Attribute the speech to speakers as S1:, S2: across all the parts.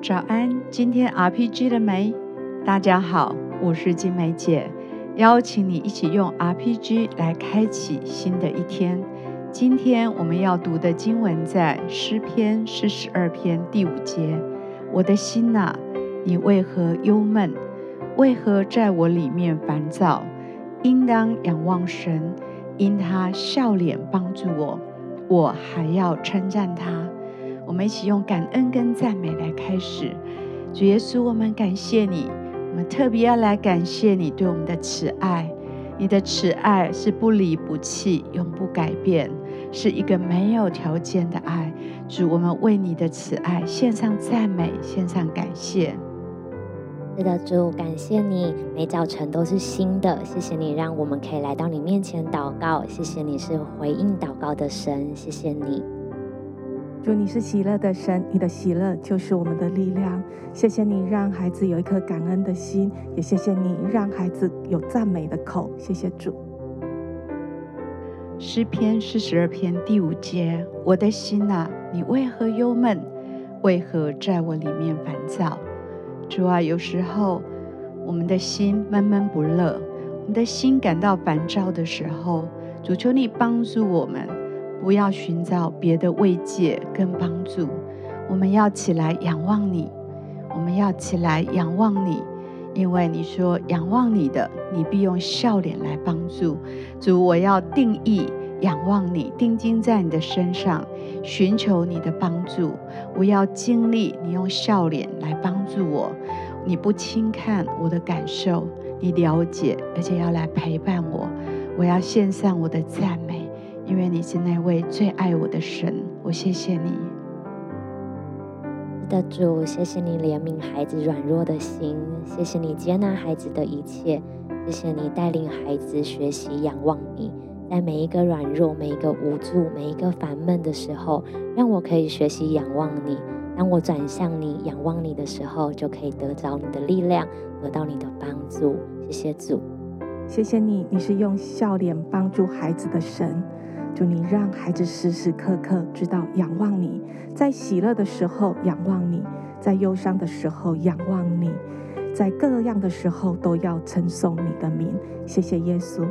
S1: 早安，今天 RPG 了沒？大家好，我是晶玫姊，邀請你一起用 RPG 來開啟新的一天。今天我們要讀的經文在詩篇四十二篇第五節。我的心吶、啊，你為何憂悶？為何在我裡面煩躁？應當仰望神，因他笑臉幫助我，我還要稱讚他。我們一起用感恩跟讚美來開始，主耶穌，我們感謝你。我們特別要來感謝你對我們的慈愛，你的慈愛是不離不棄，永不改變，是一個沒有條件的愛。主，我們為你的慈愛獻上讚美，獻上感謝。是的，主，
S2: 感謝你，每早晨都是新的。謝謝你，讓我們可以來到你面前禱告。謝謝你是回應禱告的神。謝謝你。
S3: 主，你是喜樂的神，你的喜樂就是我們的力量。謝謝你讓孩子有一顆感恩的心，也謝謝你讓孩子有讚美的口。謝謝主。詩篇四十二篇第五節：我的心哪，你為何憂
S1: 悶？為何在我裡面煩躁？主啊，有時候我們的心悶悶不樂，我們的心感到煩躁的時候，主求你幫助我們。不要尋找別的慰藉跟幫助，我們要起來仰望你，我們要起來仰望你，因為你說仰望你的，你必用笑臉來幫助。主，我要定意仰望你，定睛在你的身上，尋求你的幫助。我要經歷你用笑臉來幫助我，你不輕看我的感受，你了解而且要來陪伴我。我要獻上我的讚美。因為你是那位最愛我的神，我謝謝你，
S2: 是的，主，謝謝你憐憫孩子軟弱的心，謝謝你接納孩子的一切，謝謝你帶領孩子學習仰望你，在每一個軟弱、每一個無助、每一個煩悶的時候，讓我可以學習仰望你，當我轉向你、仰望你的時候，就可以得着你的力量，得到你的幫助。謝謝主，
S3: 謝謝你，你是用笑臉幫助孩子的神。就，你讓孩子時時刻刻知道仰望你，在喜樂的時候仰望你，在憂傷的時候仰望你，在各樣的時候都要稱頌你的名。謝謝耶穌。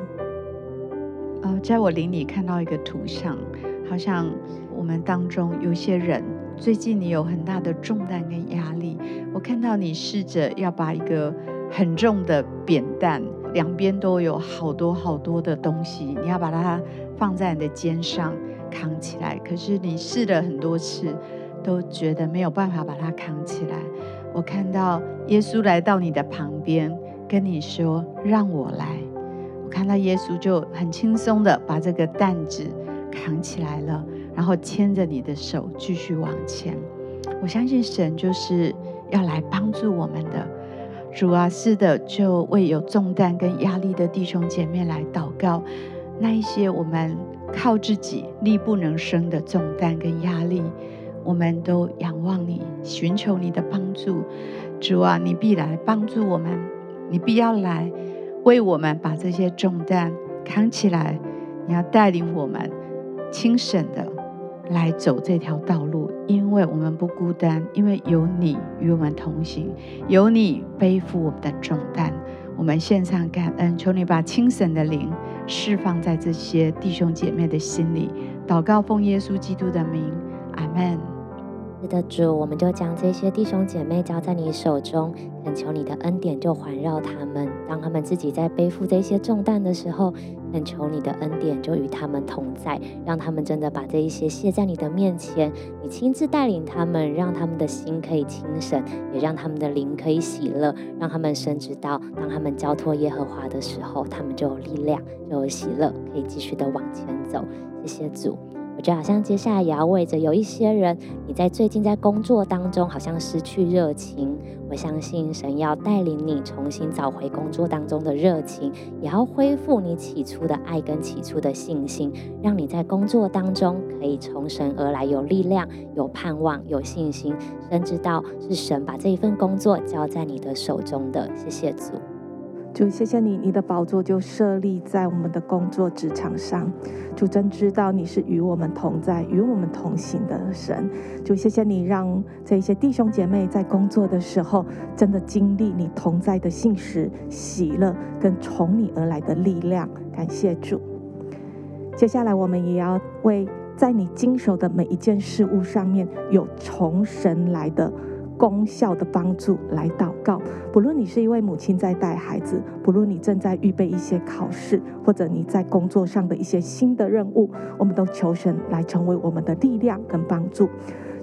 S3: 呃，
S1: 在我靈裡看到一個圖像，好像我們當中有些人最近你有很大的重擔跟壓力，我看到你試着要把一個很重的扁擔。兩邊都有好多好多的東西，你要把它放在你的肩上扛起來。可是你試了很多次，都覺得沒有辦法把它扛起來。我看到耶穌來到你的旁邊，跟你說：“讓我來。”我看到耶穌就很輕鬆的把這個擔子扛起來了，然後牽着你的手繼續往前。我相信神就是要來幫助我們的。主啊，是的，就為有重擔跟壓力的弟兄姐妹來禱告。那一些我們靠自己力不能勝的重擔跟壓力，我們都仰望你，尋求你的幫助。主啊，你必來幫助我們，你必要來為我們把這些重擔扛起來。你要帶領我們，輕省的。來走這條道路，因為我們不孤單，因為有你與我們同行，有你背負我們的重擔。我們獻上感恩，求你把清神的靈釋放在這些弟兄姐妹的心裡。禱告，奉耶穌基督的名，阿門。是的，主，我們就將這些弟兄姐妹交在你手中，懇求你的恩典就
S2: 環繞他們，當他們自己在背負這些重擔的時候，懇求你的恩典就與他們同在，讓他們真的把這一些卸在你的面前，你親自帶領他們，讓他們的心可以輕省，也讓他們的靈可以喜樂，讓他們深知到，當他們交托耶和華的時候，他們就有力量，就有喜樂，可以繼續的往前走。謝謝主。我覺得好像接下來也要為着有一些人，你在最近在工作當中好像失去熱情，我相信神要帶領你重新找回工作當中的熱情，也要恢復你起初的愛跟起初的信心，讓你在工作當中可以從神而來，有力量、有盼望、有信心。甚至到是神把這一份工作交在你的手中的，謝謝主。
S3: 就謝謝你，你的寶座就設立在我們的工作職場上。主真知道你是與我們同在、與我們同行的神。就謝謝你，讓這些弟兄姐妹在工作的時候，真的經歷你同在的信實、喜樂跟從你而來的力量。感謝主。接下來我們也要為在你經手的每一件事物上面有從神來的功效的幫助來禱告，不論你是一位母親在帶孩子，不論你正在預備一些考試，或者你在工作上的一些新的任務，我們都求神來成為我們的力量跟幫助。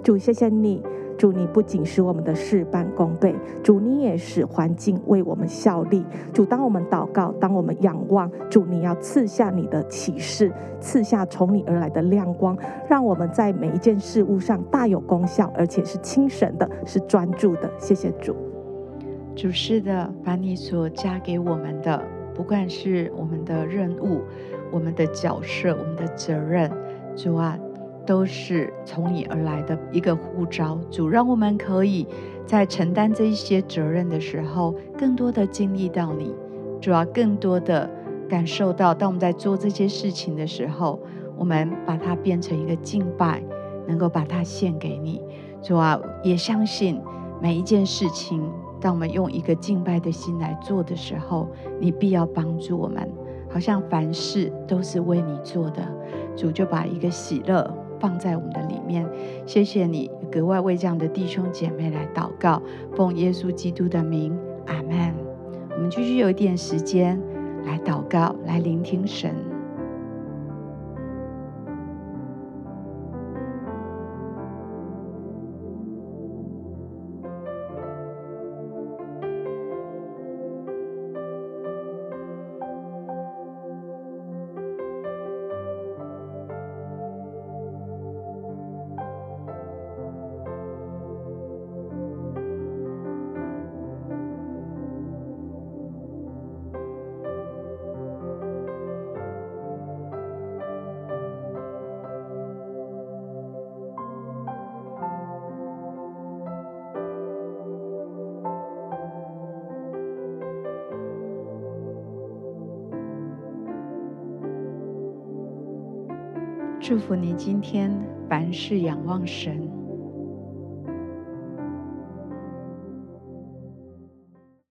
S3: 主，謝謝你，主，你不僅使我們的事半功倍，主，你也使環境為我們效力。主，當我們禱告，當我們仰望，主，你要賜下你的啟示，賜下從你而來的亮光，讓我們在每一件事物上大有功效，而且是輕省的，是專注的。謝謝主，主是的，把
S1: 你所加給我們的，不管是我們的任務、我們的角色、我們的責任，主啊，都是從你而來的一個呼召，主讓我們可以在承擔這一些責任的時候，更多的經歷到你，主要、啊、更多的感受到，當我們在做這些事情的時候，我們把它變成一個敬拜，能夠把它獻給你。主啊，也相信每一件事情，當我們用一個敬拜的心來做的時候，你必要幫助我們，好像凡事都是為你做的。主就把一個喜樂，放在我們的裡面，謝謝你格外為這樣的弟兄姐妹來禱告，奉耶穌基督的名，阿門。我們繼續有一點時間來禱告，來聆聽神。祝福你今天凡事仰望神。